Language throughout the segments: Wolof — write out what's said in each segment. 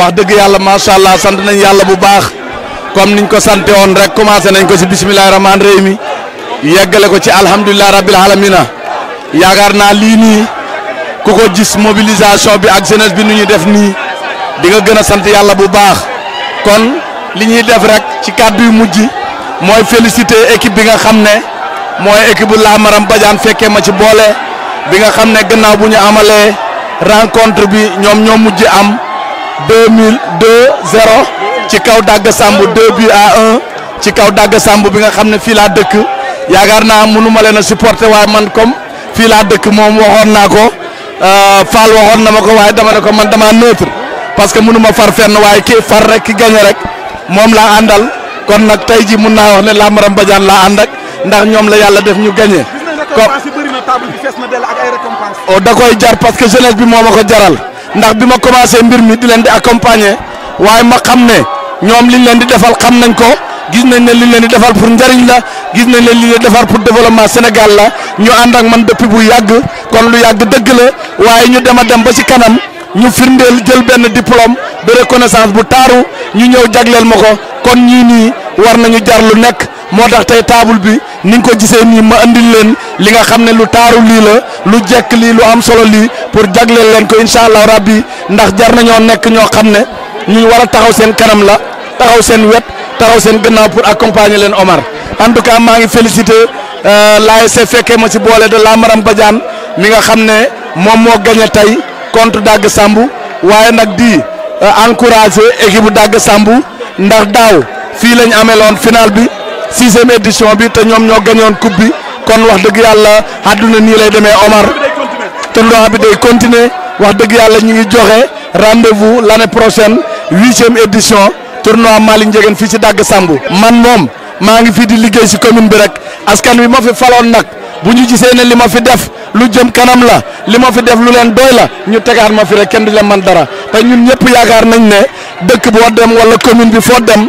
wax yalla ma sha allah sant nañ yalla bu baax comme niñ ko santé on rek commencé nañ ko si bismillahir rahmanir rahim yeggalé ko ci alhamdullilah rabil alamin yaagar na li ni kuko gis mobilisation bi ak jeunesse bi nuñu def ni di nga gëna sant yalla bu baax kon li def rek ci cadre yu mujj moy féliciter équipe bi nga xamné moy équipe la maram badian féké ma ci bolé bi nga xamné gënaaw buñu amalé rencontre bi ñom ñom mujj am. deux mille deux zéro ci kaw Dagga Samb deux bi à un ci kaw Dagga Samb bi nga xam ne fii laa dëkk yaakaar naa mënuma leen a supporter waaye man kom fii laa dëkk moom waxoon naa ko euh, Fall waxoon na ma ko waaye dama ne ko man dama neutre parce que mënuma far fenn waaye ki far rek ki gañe rek moom laa àndal kon nag tey ji mun naa wax ne Lambaram Badiane laa àndak ndax ñoom la yàlla def ñu gañe ko oh, da koy jar parce que jeunesse bi moo ma ko jaral ndax bi ma commencé mbir mi di leen di accompagner waaye ma xam ne ñoom liñ leen di defal xam nañ ko gis nañ ne liñ leen di defal pour njariñ la gis nañ leen liñ leen di defal pour développement Sénégal la ñu ànd ak man depuis bu yàgg kon lu yàgg dëgg la waaye ñu dem a dem ba ci kanam ñu firndeel jël benn diplôme de reconnaissance bu taaru ñu ñëw jagleel ma ko kon ñii nii war nañu jar lu nekk. motax tay table bi ni nga ko gisee ni ma andil len li nga xamne lu taru li la lu jek li lu am solo li pour jaglel len ko inshallah rabbi ndax jar naño nek ño xamne ñu wara taxaw sen kanam la taxaw sen wet taxaw sen gannaaw pour accompagner len Omar en tout cas ma ngi euh, la fekke ma ci bolé de la Maram badian mi nga xamne mom mo gagné tay contre dag sambu waye nak di euh, encourager équipe bu sambu ndax daw fi lañ final bi. sixième édition bi te ñoom ñoo gañoon coupe bi kon wax dëgg yàlla àdduna nii lay demee Omar te ndox bi day continuer wax dëgg yàlla ñu ngi joxe rendez-vous l'année prochaine huitième édition tournoi Malick Ndiéguène fii si dàgg Samb man moom maa ngi fii di liggéey si commune bi rek askan wi ma fi faloon nag bu ñu gisee ne li ma fi def lu jëm kanam la li ma fi def lu leen doy la ñu tegaat ma fi rek kenn di leen man dara te ñun ñëpp yaakaar nañ ne dëkk boo dem wala commune bi foo dem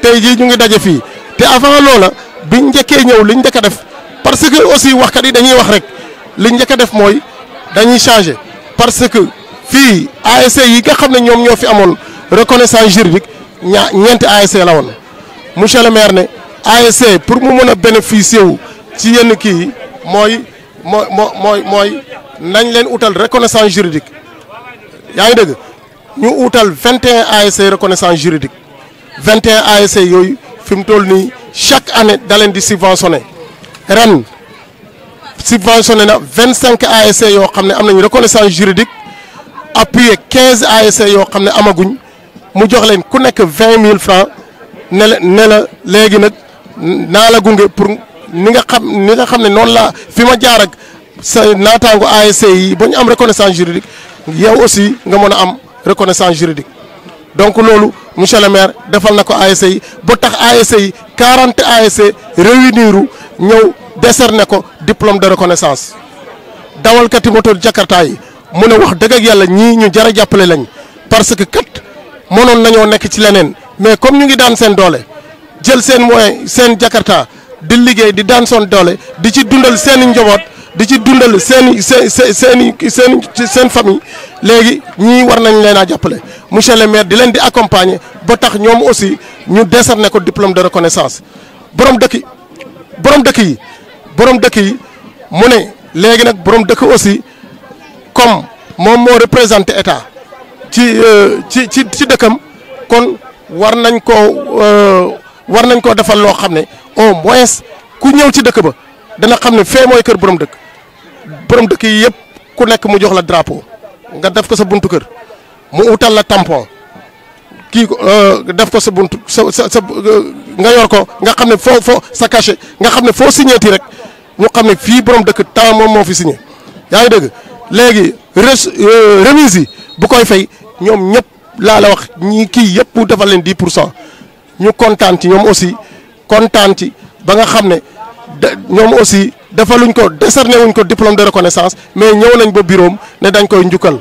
tey jii ñu ngi daje fii te avant loola bi njëkkee ñëw liñ njëkk a def parce que aussi waxkat yi dañuy wax rek li njëkk a def mooy dañuy changer parce que fii ASC yi nga xam ne ñoom ñoo fi amoon reconnaissance juridique ñaa ñeenti ASC la woon monsieur le maire ne ASC pour mu mën a bénéficier wu ci yenn kii yi mooy moo mooy mooy nañ leen utal reconnaissance juridique yaa ngi dëgg ñu utal 21 ASC reconnaissance juridique 21 ASC yooyu fi mu toll nii chaque année daleen leen di subventionné ren subventionné na 25 ASC yoo xam ne am nañu reconnaissance juridique appuyé 15 ASC yoo xam ne amaguñ mu jox leen ku nekk 20 mille francs ne la ne la léegi nag naa la gunge pour ni nga xam ni nga xam ne noonu laa fi ma jaar ak sa naataangu ASC yi ba ñu am reconnaissance juridique yow aussi nga mën a am reconnaissance juridique. donc loolu monsieur le maire defal na ko ASC yi ba tax ASC yi 40 ASC réunir ñëw décerné ko diplôme de reconnaissance dawalkati moto Jakarta yi mu ne wax dëgg ak yàlla ñii ñu jar a jàppale lañ parce que kat mënoon nañoo nekk ci leneen mais comme ñu ngi daan seen doole jël seen moyen seen Jakarta di liggéey di daan seen doole di ci dundal seen i njaboot di ci dundal seen i seen seen seen seen famille léegi ñi war nañ leena jappalé monsieur le maire di leen di accompagner ba tax ñom aussi ñu décerné ko diplôme de reconnaissance borom dëkk borom dëkk yi borom dëkk yi mu né léegi nak borom dëkk aussi comme mom mo représenter état ci euh, ci ci ci dëkkam kon war nañ koo euh, war nañ ko defal lo xamné au moins ku ñëw ci dëkk ba dana xamné fé moy kër borom dëkk borom dëkk yi yépp ku nekk mu jox la drapeau nga def ko sa buntu kër mu utal la tampon kii ko euh, def ko sa buntu sa sa sa nga yor ko nga xam ne foo foo sa cachet nga xam ne foo signéeti rek ñu xam ne fii borom dëkk temps moom moo fi signé yaa ngi dégg léegi euh, remise yi bu koy fay ñoom ñëpp laa la wax ñii kii yëpp defal leen 10 pour cent ñu kontaan ci ñoom aussi kontaan ci ba nga xam ne. de ñoom aussi defaluñ ko décerné wuñ ko diplôme de reconnaissance mais ñëw nañ ba bureau ne dañ koy njukkal.